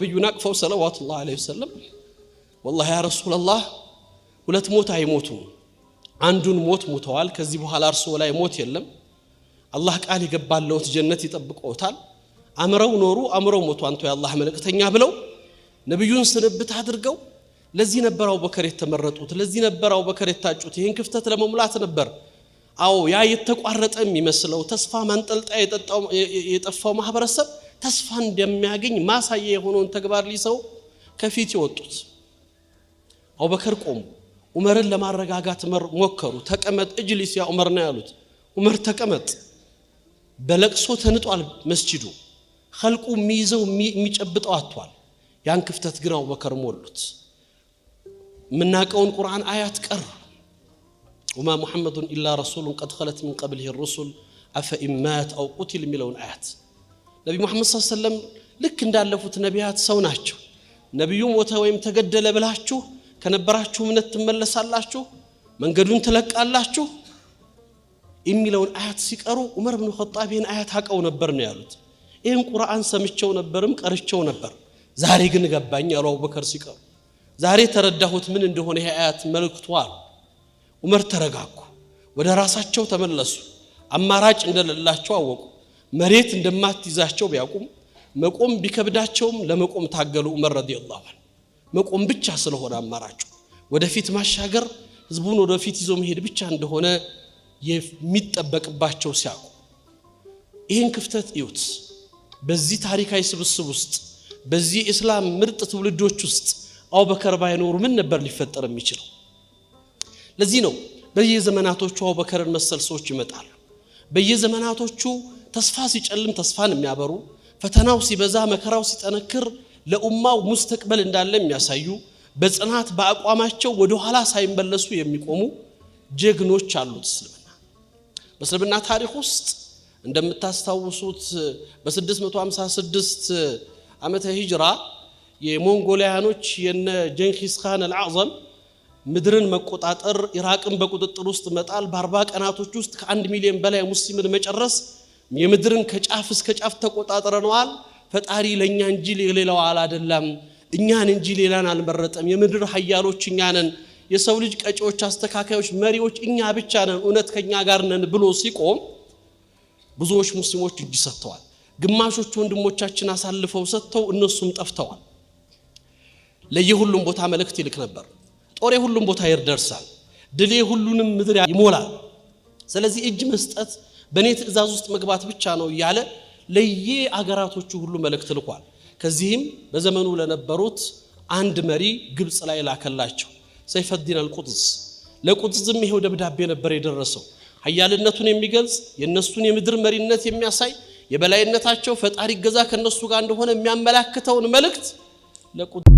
ነብዩ አቅፈው ሰለዋቱላህ ዐለይሂ ወሰለም ወላሂ ያ ረሱለላህ ሁለት ሞት አይሞቱም። አንዱን ሞት ሙተዋል። ከዚህ በኋላ እርስዎ ላይ ሞት የለም። አላህ ቃል የገባለውት ጀነት ይጠብቀውታል። አምረው ኖሩ፣ አምረው ሞቱ፣ አንተ የአላህ መልእክተኛ ብለው ነቢዩን ስንብት አድርገው ለዚህ ነበር አቡበከር የተመረጡት፣ ለዚህ ነበር አቡበከር የታጩት። ይህን ክፍተት ለመሙላት ነበር። አዎ ያ የተቋረጠ የሚመስለው ተስፋ ማንጠልጣይ የጠፋው ማህበረሰብ ተስፋ እንደሚያገኝ ማሳያ የሆነውን ተግባር ሊሰው ከፊት የወጡት አቡበከር ቆሙ። ዑመርን ለማረጋጋት ሞከሩ። ተቀመጥ እጅሊስ ያ ዑመር ነው ያሉት። ዑመር ተቀመጥ። በለቅሶ ተንጧል መስጂዱ። ኸልቁ የሚይዘው የሚጨብጠው አጥቷል። ያን ክፍተት ግን አቡበከር ሞሉት። የምናውቀውን ቁርአን አያት ቀር ወማ ሙሐመዱን ኢላ ረሱሉን ቀድ ኸለት ምን ቀብሊህ ሩሱል አፈኢን ማት አው ቁቲል የሚለውን አያት ነቢ ሙሐመድ ዐለይሂ ወሰለም ልክ እንዳለፉት ነቢያት ሰው ናቸው። ነቢዩ ሞተ ወይም ተገደለ ብላችሁ ከነበራችሁ እምነት ትመለሳላችሁ፣ መንገዱን ትለቃላችሁ የሚለውን አያት ሲቀሩ ዑመር ብን ኸጣብ ይህን አያት አቀው ነበር ነው ያሉት። ይህን ቁርአን ሰምቸው ነበርም ቀርቸው ነበር፣ ዛሬ ግን ገባኝ አሉ አቡበከር ሲቀሩ። ዛሬ ተረዳሁት ምን እንደሆነ ይህ አያት መልእክቱ አሉ። ዑመር ተረጋጉ፣ ወደ ራሳቸው ተመለሱ፣ አማራጭ እንደሌላቸው አወቁ። መሬት እንደማትይዛቸው ቢያውቁም መቆም ቢከብዳቸውም ለመቆም ታገሉ። ዑመር ረዲየላሁ ዐንሁ መቆም ብቻ ስለሆነ አማራጩ ወደፊት ማሻገር ህዝቡን ወደፊት ይዞ መሄድ ብቻ እንደሆነ የሚጠበቅባቸው ሲያውቁ ይህን ክፍተት እዩት። በዚህ ታሪካዊ ስብስብ ውስጥ በዚህ የእስላም ምርጥ ትውልዶች ውስጥ አቡበከር ባይኖሩ ምን ነበር ሊፈጠር የሚችለው? ለዚህ ነው በየዘመናቶቹ አቡበከርን መሰል ሰዎች ይመጣሉ። በየዘመናቶቹ ተስፋ ሲጨልም ተስፋን የሚያበሩ ፈተናው ሲበዛ መከራው ሲጠነክር ለኡማው ሙስተቅበል እንዳለ የሚያሳዩ በጽናት በአቋማቸው ወደኋላ ሳይመለሱ የሚቆሙ ጀግኖች አሉት እስልምና። በእስልምና ታሪክ ውስጥ እንደምታስታውሱት በ656 ዓመተ ሂጅራ የሞንጎሊያኖች የነ ጀንኪስ ካን ምድርን መቆጣጠር፣ ኢራቅን በቁጥጥር ውስጥ መጣል፣ በአርባ ቀናቶች ውስጥ ከአንድ ሚሊዮን በላይ ሙስሊምን መጨረስ የምድርን ከጫፍ እስከ ጫፍ ተቆጣጥረነዋል። ፈጣሪ ለእኛ እንጂ ሌላው አላደላም፣ እኛን እንጂ ሌላን አልመረጠም። የምድር ኃያሎች እኛ ነን፣ የሰው ልጅ ቀጪዎች፣ አስተካካዮች፣ መሪዎች እኛ ብቻ ነን፣ እውነት ከእኛ ጋር ነን ብሎ ሲቆም ብዙዎች ሙስሊሞች እጅ ሰጥተዋል። ግማሾች ወንድሞቻችን አሳልፈው ሰጥተው እነሱም ጠፍተዋል። ለየሁሉም ቦታ መልእክት ይልክ ነበር። ጦሬ ሁሉም ቦታ ይደርሳል፣ ድሌ ሁሉንም ምድር ይሞላል። ስለዚህ እጅ መስጠት በእኔ ትእዛዝ ውስጥ መግባት ብቻ ነው እያለ ለየ አገራቶቹ ሁሉ መልእክት ልኳል። ከዚህም በዘመኑ ለነበሩት አንድ መሪ ግብፅ ላይ ላከላቸው፣ ሰይፈዲን አልቁጥዝ። ለቁጥዝም ይሄው ደብዳቤ ነበር የደረሰው። ኃያልነቱን የሚገልጽ የእነሱን የምድር መሪነት የሚያሳይ የበላይነታቸው ፈጣሪ ገዛ ከእነሱ ጋር እንደሆነ የሚያመላክተውን መልእክት ለቁጥ